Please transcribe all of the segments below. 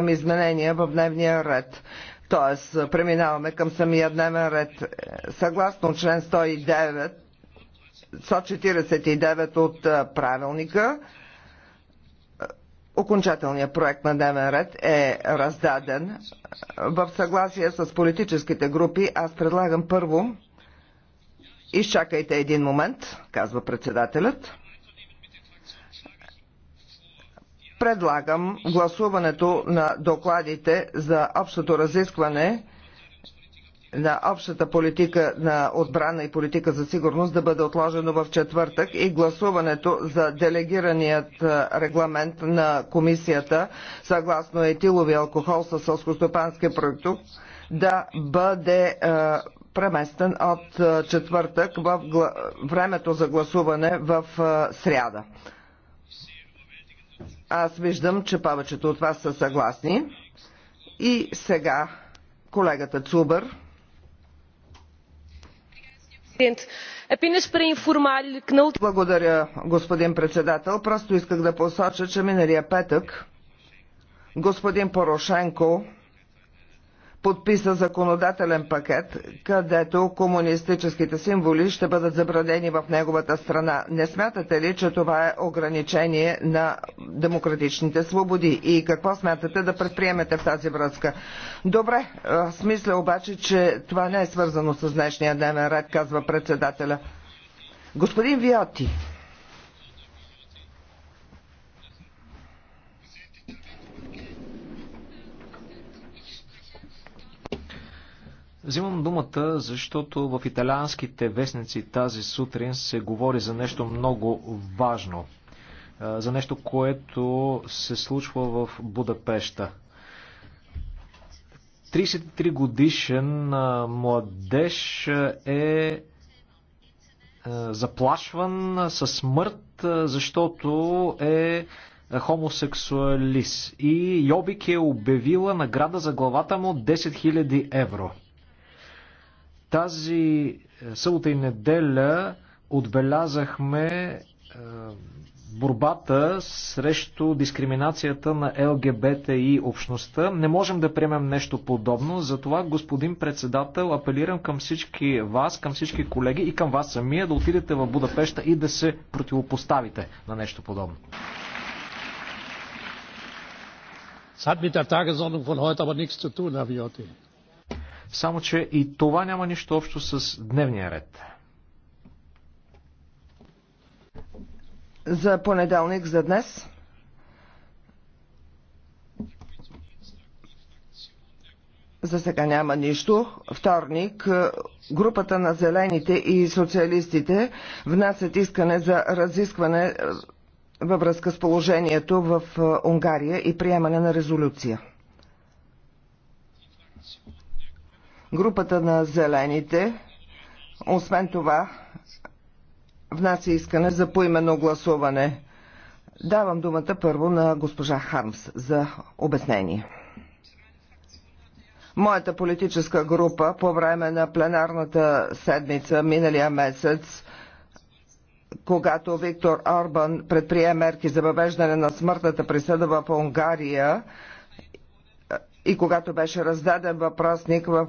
изменения в дневния ред. Тоест, преминаваме към самия дневен ред. Съгласно член 109, 149 от правилника, Окончателният проект на дневен ред е раздаден. В съгласие с политическите групи аз предлагам първо. Изчакайте един момент, казва председателят. предлагам гласуването на докладите за общото разискване на общата политика на отбрана и политика за сигурност да бъде отложено в четвъртък и гласуването за делегираният регламент на комисията съгласно етилови алкохол със сълскостопански продукт да бъде преместен от четвъртък в времето за гласуване в сряда. Аз виждам, че повечето от вас са съгласни. И сега колегата Цубър. Благодаря, господин председател. Просто исках да посоча, че миналия петък господин Порошенко подписа законодателен пакет, където комунистическите символи ще бъдат забранени в неговата страна. Не смятате ли, че това е ограничение на демократичните свободи и какво смятате да предприемете в тази връзка? Добре, смисля обаче, че това не е свързано с днешния дневен ред, казва председателя. Господин Виоти. Взимам думата, защото в италианските вестници тази сутрин се говори за нещо много важно. За нещо, което се случва в Будапешта. 33 годишен младеж е заплашван със смърт, защото е хомосексуалист. И Йобик е обявила награда за главата му 10 000 евро. Тази е, събота и неделя отбелязахме е, борбата срещу дискриминацията на ЛГБТ и общността. Не можем да приемем нещо подобно, затова господин председател апелирам към всички вас, към всички колеги и към вас самия да отидете в Будапешта и да се противопоставите на нещо подобно. Das hat mit der Tagesordnung von heute aber nichts zu tun, Herr Viotti. Само, че и това няма нищо общо с дневния ред. За понеделник, за днес. За сега няма нищо. Вторник групата на зелените и социалистите внасят искане за разискване е, във връзка с положението в е, Унгария и приемане на резолюция. Групата на зелените, освен това, внася искане за поименно гласуване. Давам думата първо на госпожа Хармс за обяснение. Моята политическа група по време на пленарната седмица миналия месец когато Виктор Орбан предприе мерки за въвеждане на смъртната присъда в Унгария, и когато беше раздаден въпросник, в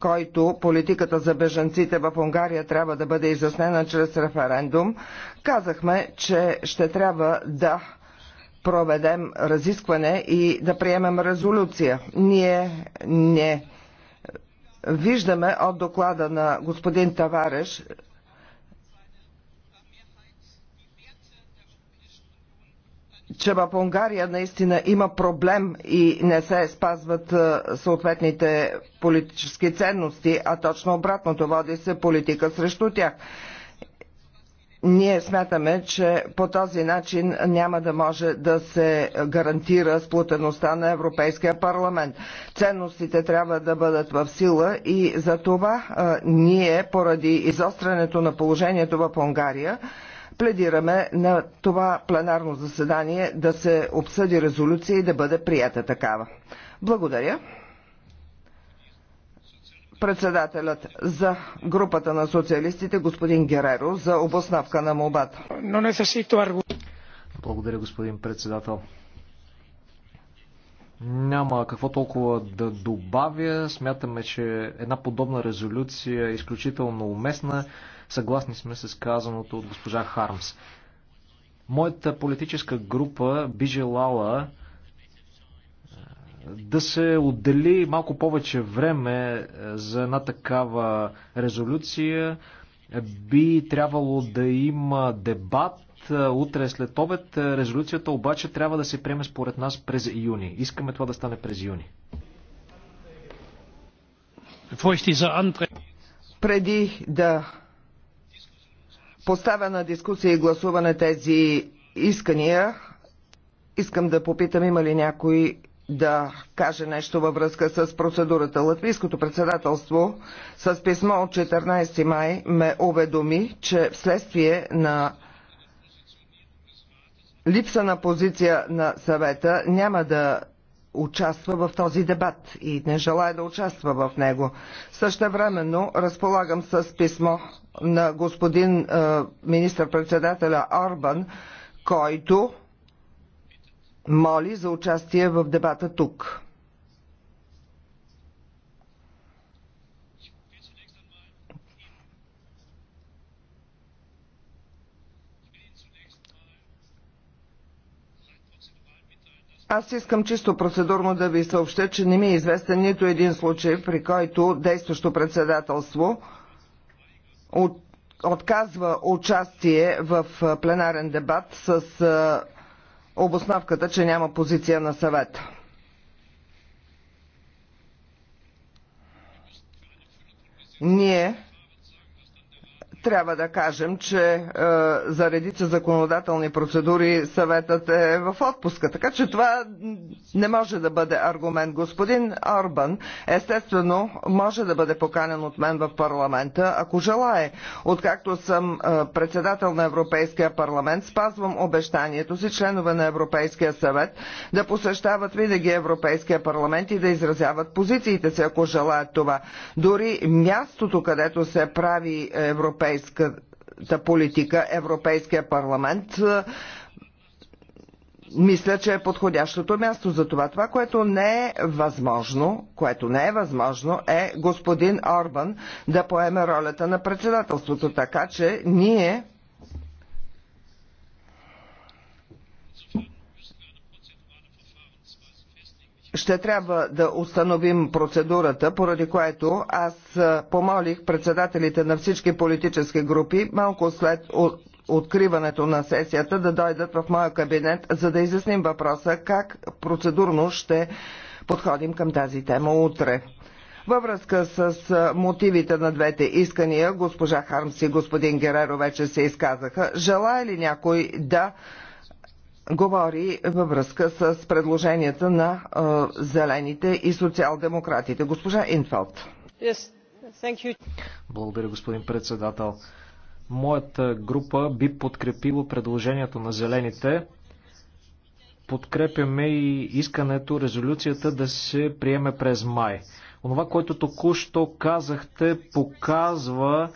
който политиката за бежанците в Унгария трябва да бъде изяснена чрез референдум, казахме, че ще трябва да проведем разискване и да приемем резолюция. Ние не виждаме от доклада на господин Тавареш, че в Унгария наистина има проблем и не се спазват е, съответните политически ценности, а точно обратното води се политика срещу тях. Ние смятаме, че по този начин няма да може да се гарантира сплутеността на Европейския парламент. Ценностите трябва да бъдат в сила и за това а, е, ние, поради изострянето на положението в Унгария, пледираме на това пленарно заседание да се обсъди резолюция и да бъде прията такава. Благодаря. Председателят за групата на социалистите, господин Гереро, за обосновка на молбата. Благодаря, господин председател. Няма какво толкова да добавя. Смятаме, че една подобна резолюция е изключително уместна. Съгласни сме с казаното от госпожа Хармс. Моята политическа група би желала е, да се отдели малко повече време е, за една такава резолюция. Би трябвало да има дебат е, утре след обед. Резолюцията обаче трябва да се приеме според нас през юни. Искаме това да стане през юни. Преди да поставя на дискусия и гласуване тези искания. Искам да попитам има ли някой да каже нещо във връзка с процедурата. Латвийското председателство с писмо от 14 май ме уведоми, че вследствие на липса на позиция на съвета няма да участва в този дебат и не желая да участва в него. Същевременно разполагам с писмо на господин е, министър-председателя Орбан, който моли за участие в дебата тук. Аз искам чисто процедурно да ви съобща, че не ми е известен нито един случай, при който действащо председателство от, отказва участие в пленарен дебат с обосновката, че няма позиция на съвета. Ние трябва да кажем, че е, за редица законодателни процедури съветът е в отпуска. Така че това не може да бъде аргумент. Господин Орбан, естествено, може да бъде поканен от мен в парламента, ако желае. Откакто съм е, председател на Европейския парламент, спазвам обещанието си членове на Европейския съвет да посещават винаги Европейския парламент и да изразяват позициите си, ако желаят това. Дори мястото, където се прави европейски европейската политика, Европейския парламент е, мисля, че е подходящото място за това. Това, което не е възможно, което не е възможно, е господин Орбан да поеме ролята на председателството. Така че ние ще трябва да установим процедурата, поради което аз помолих председателите на всички политически групи малко след откриването на сесията да дойдат в моя кабинет, за да изясним въпроса как процедурно ще подходим към тази тема утре. Във връзка с мотивите на двете искания, госпожа Хармс и господин Гереро вече се изказаха. Желая ли някой да говори във връзка с предложенията на а, зелените и социал-демократите. Госпожа Инфелд. Yes. Благодаря, господин председател. Моята група би подкрепила предложението на зелените. Подкрепяме и искането резолюцията да се приеме през май. Онова, което току-що казахте, показва,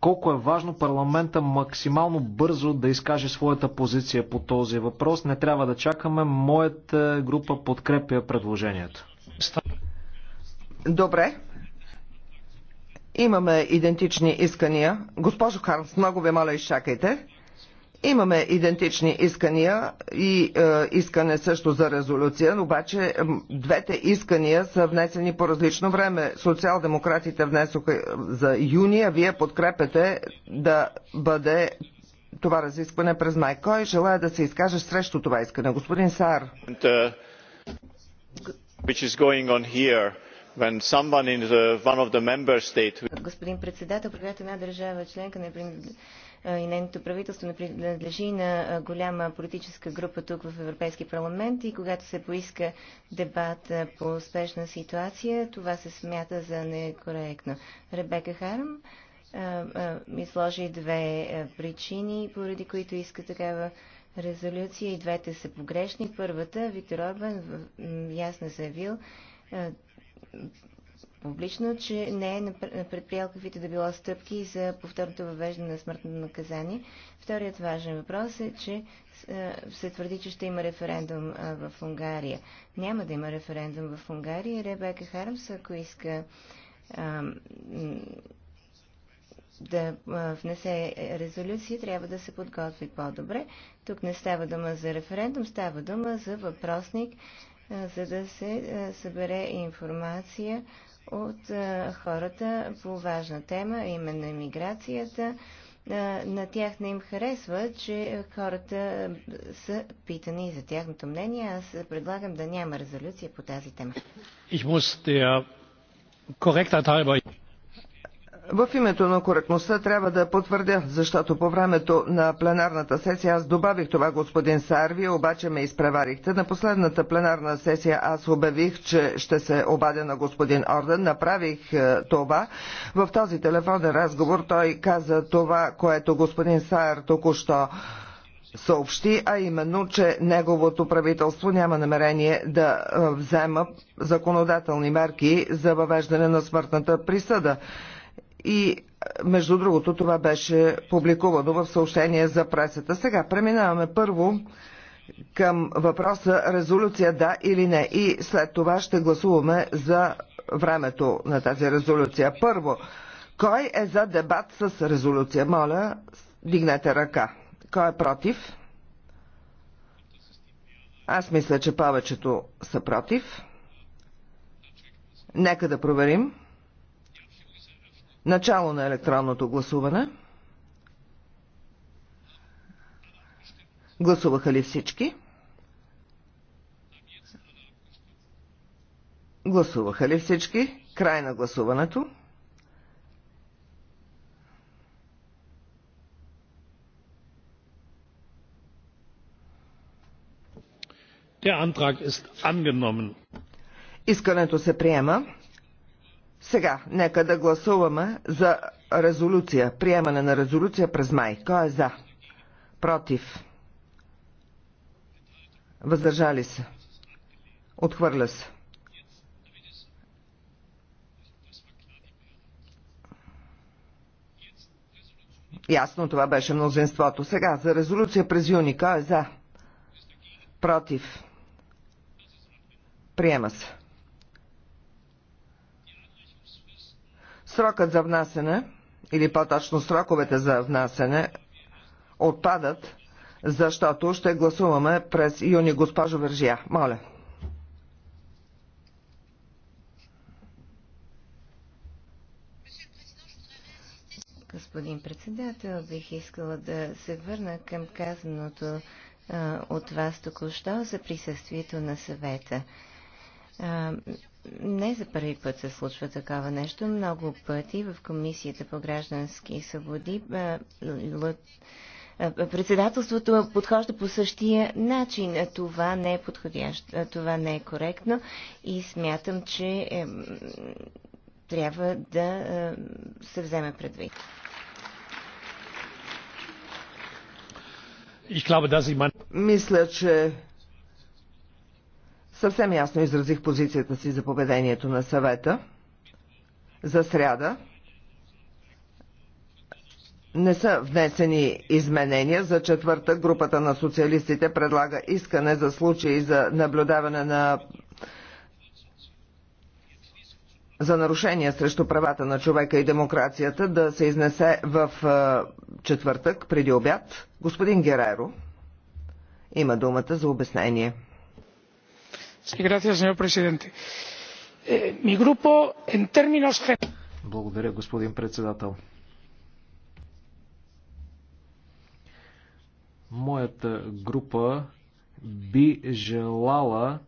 колко е важно парламента максимално бързо да изкаже своята позиция по този въпрос. Не трябва да чакаме. Моята група подкрепя предложението. Добре. Имаме идентични искания. Госпожо Харнс, много ви моля, изчакайте. Имаме идентични искания и е, искане също за резолюция, обаче е, двете искания са внесени по различно време. Социал-демократите внесоха е, за юни, а вие подкрепете да бъде това разискване през май. Кой желая да се изкаже срещу това искане? Господин Сар. Господин председател, когато една държава членка и нейното правителство не принадлежи на голяма политическа група тук в Европейския парламент и когато се поиска дебат по успешна ситуация, това се смята за некоректно. Ребека Харм изложи две причини, поради които иска такава резолюция и двете са погрешни. Първата, Виктор Орбан ясно е заявил, публично, че не е предприял каквито да било стъпки за повторното въвеждане на смъртно наказание. Вторият важен въпрос е, че се твърди, че ще има референдум в Унгария. Няма да има референдум в Унгария. Ребека Хармс, ако иска да внесе резолюция, трябва да се подготви по-добре. Тук не става дума за референдум, става дума за въпросник за да се събере информация от хората по важна тема, именно иммиграцията. На тях не им харесва, че хората са питани за тяхното мнение. Аз предлагам да няма резолюция по тази тема. В името на коректността трябва да потвърдя, защото по времето на пленарната сесия аз добавих това, господин Сарви, обаче ме изпреварихте. На последната пленарна сесия аз обявих, че ще се обадя на господин Орден. Направих е, това. В този телефонен разговор той каза това, което господин Саер току-що съобщи, а именно, че неговото правителство няма намерение да е, взема законодателни мерки за въвеждане на смъртната присъда и между другото това беше публикувано в съобщение за пресата. Сега преминаваме първо към въпроса резолюция да или не и след това ще гласуваме за времето на тази резолюция. Първо, кой е за дебат с резолюция? Моля, дигнете ръка. Кой е против? Аз мисля, че повечето са против. Нека да проверим. Начало на електронното гласуване. Гласуваха ли всички? Гласуваха ли всички? Край на гласуването. Der Antrag ist angenommen. Искането се приема. Сега, нека да гласуваме за резолюция, приемане на резолюция през май. Кой е за? Против? Въздържали се? Отхвърля се. Ясно, това беше мнозинството. Сега, за резолюция през юни, кой е за? Против? Приема се. Срокът за внасене, или по-точно сроковете за внасене, отпадат, защото ще гласуваме през юни, госпожо Вържия. Моля. Господин председател, бих искала да се върна към казаното а, от вас току-що за присъствието на съвета не за първи път се случва такова нещо. Много пъти в Комисията по граждански свободи председателството подхожда по същия начин. Това не е подходящо, това не е коректно и смятам, че е, трябва да е, се вземе предвид. Мисля, че Съвсем ясно изразих позицията си за поведението на съвета за сряда. Не са внесени изменения. За четвърта групата на социалистите предлага искане за случаи за наблюдаване на за нарушения срещу правата на човека и демокрацията да се изнесе в е, четвъртък преди обяд. Господин Гереро има думата за обяснение señor presidente. Eh, mi grupo, en términos Благодаря, господин председател. Моята група би желала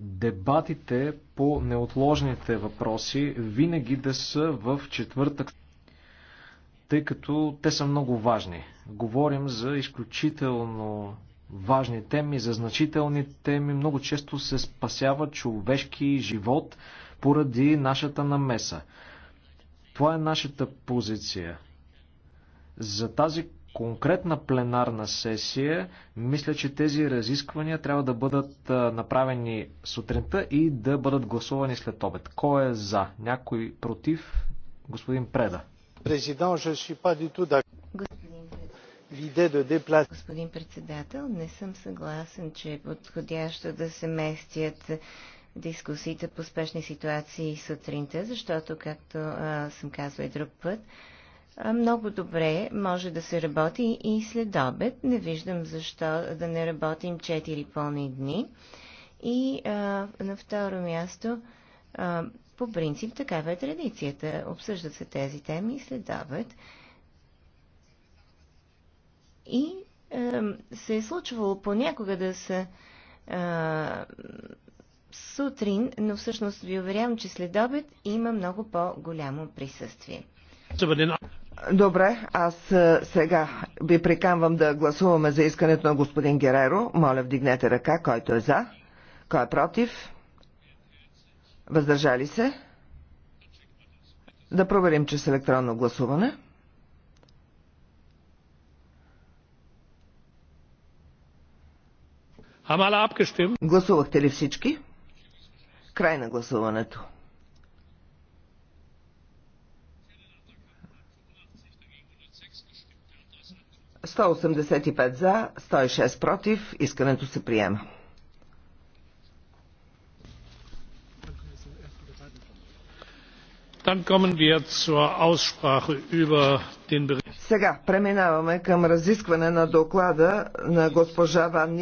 дебатите по неотложните въпроси винаги да са в четвъртък, тъй като те са много важни. Говорим за изключително важни теми, за значителни теми. Много често се спасява човешки живот поради нашата намеса. Това е нашата позиция. За тази конкретна пленарна сесия, мисля, че тези разисквания трябва да бъдат направени сутринта и да бъдат гласувани след обед. Кой е за? Някой против? Господин Преда. Президент, l'idée de déplacer... Господин председател, не съм съгласен, че е подходящо да се местят дискусиите по спешни ситуации сутринта, защото, както а, съм казвал и друг път, а, много добре може да се работи и след обед. Не виждам защо да не работим 4 пълни дни. И а, на второ място, а, по принцип, такава е традицията. Обсъждат се тези теми след обед. И е, се е случвало понякога да са е, сутрин, но всъщност ви уверявам, че след обед има много по-голямо присъствие. Добре, аз е, сега ви приканвам да гласуваме за искането на господин Гереро. Моля, вдигнете ръка, който е за, кой е против, въздържали се. Да проверим, че с електронно гласуване. Гласувахте ли всички? Край на гласуването. Сто осемдесет и пет за, сто и шест против. Искането се приема. Сега преминаваме към разискване на доклада на госпожа Ван